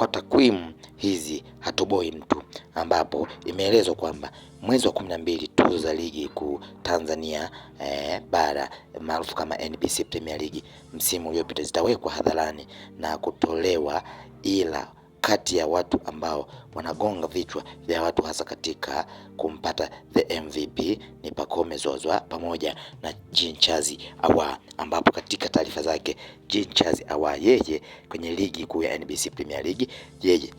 Kwa takwimu hizi hatoboi mtu, ambapo imeelezwa kwamba mwezi wa kumi na mbili tuzo za ligi kuu Tanzania eh, bara maarufu kama NBC Premier League msimu uliopita zitawekwa hadharani na kutolewa ila kati ya watu ambao wanagonga vichwa vya watu hasa katika kumpata the MVP ni Pacome Zozwa pamoja na Jean Charles Ahoua, ambapo katika taarifa zake Jean Charles Ahoua yeye kwenye ligi kuu ya NBC Premier League yeye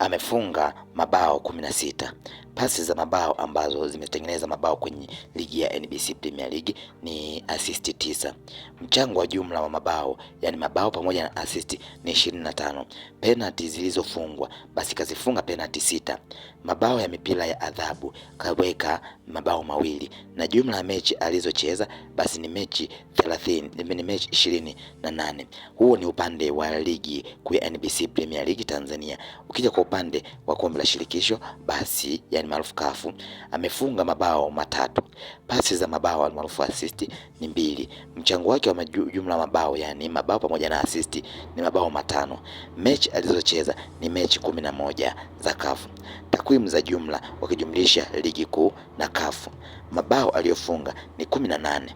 amefunga mabao 16. Pasi za mabao ambazo zimetengeneza mabao kwenye ligi ya NBC Premier League ni assist tisa. Mchango wa jumla wa mabao yani mabao pamoja na assist ni 25. Penalty zilizofungwa basi kazifunga penalty sita. Mabao ya mipira ya adhabu kaweka mabao mawili, na jumla ya mechi alizocheza basi ni mechi 30, ni mechi 28. Huo ni upande wa ligi kuu ya NBC Premier League Tanzania. Ukija kwa upande wa kombe la shirikisho basi, yani maarufu kafu, amefunga mabao matatu, pasi za mabao maarufu assist ni mbili, mchango wake wa jumla mabao yani mabao pamoja na assist ni mabao matano. Mechi alizocheza ni mechi kumi na moja za kafu, takwimu za jumla wakijumlisha ligi kuu na kafu, mabao aliyofunga ni kumi na nane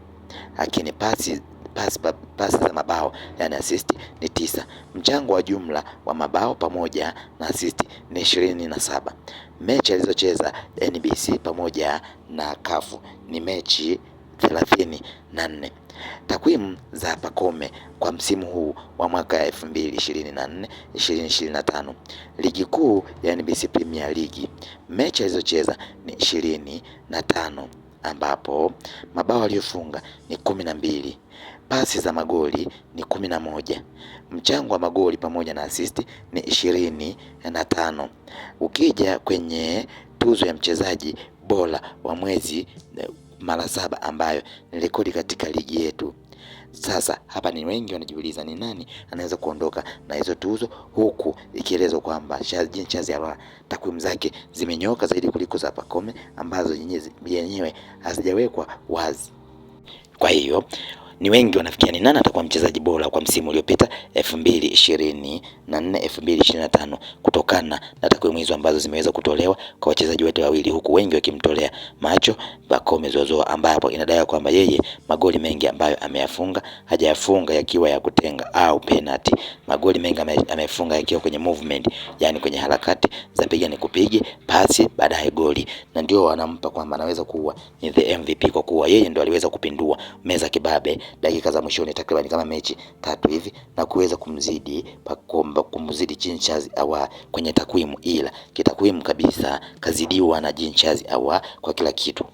lakini pasi pasi, pasi za mabao yani assist ni tisa. Mchango wa jumla wa mabao pamoja na assist ni ishirini na saba. Mechi alizocheza NBC pamoja na kafu ni mechi thelathini na nne. Takwimu za Pacome kwa msimu huu wa mwaka 2024 2025, ligi kuu ya NBC Premier League, mechi alizocheza ni ishirini na tano ambapo mabao aliyofunga ni kumi na mbili, pasi za magoli ni kumi na moja, mchango wa magoli pamoja na asisti ni ishirini na tano. Ukija kwenye tuzo ya mchezaji bora wa mwezi eh, mara saba ambayo ni rekodi katika ligi yetu. Sasa hapa ni wengi wanajiuliza ni nani anaweza kuondoka na hizo tuzo, huku ikielezwa kwamba Shahzin Shazia takwimu zake zimenyoka zaidi kuliko za Pacome ambazo yenyewe hazijawekwa wazi, kwa hiyo ni wengi wanafikia ni nani atakuwa mchezaji bora kwa msimu uliopita 2024 2025, kutokana na takwimu hizo ambazo zimeweza kutolewa kwa wachezaji wote wawili, huku wengi wakimtolea macho Pacome Zouzoua, ambapo inadaiwa kwamba yeye magoli mengi ambayo ameyafunga hajayafunga yakiwa ya kutenga au penalty. Magoli mengi amefunga yakiwa kwenye movement, yani kwenye harakati za piga ni kupige, pasi baadaye goli, na ndio wanampa kwamba anaweza kuwa ni the MVP kwa kuwa yeye ndo aliweza kupindua meza kibabe dakika za mwishoni takriban kama mechi tatu hivi na kuweza kumzidi pakomba, kumzidi Jinchazi awa kwenye takwimu, ila kitakwimu kabisa kazidiwa na Jinchazi awa kwa kila kitu.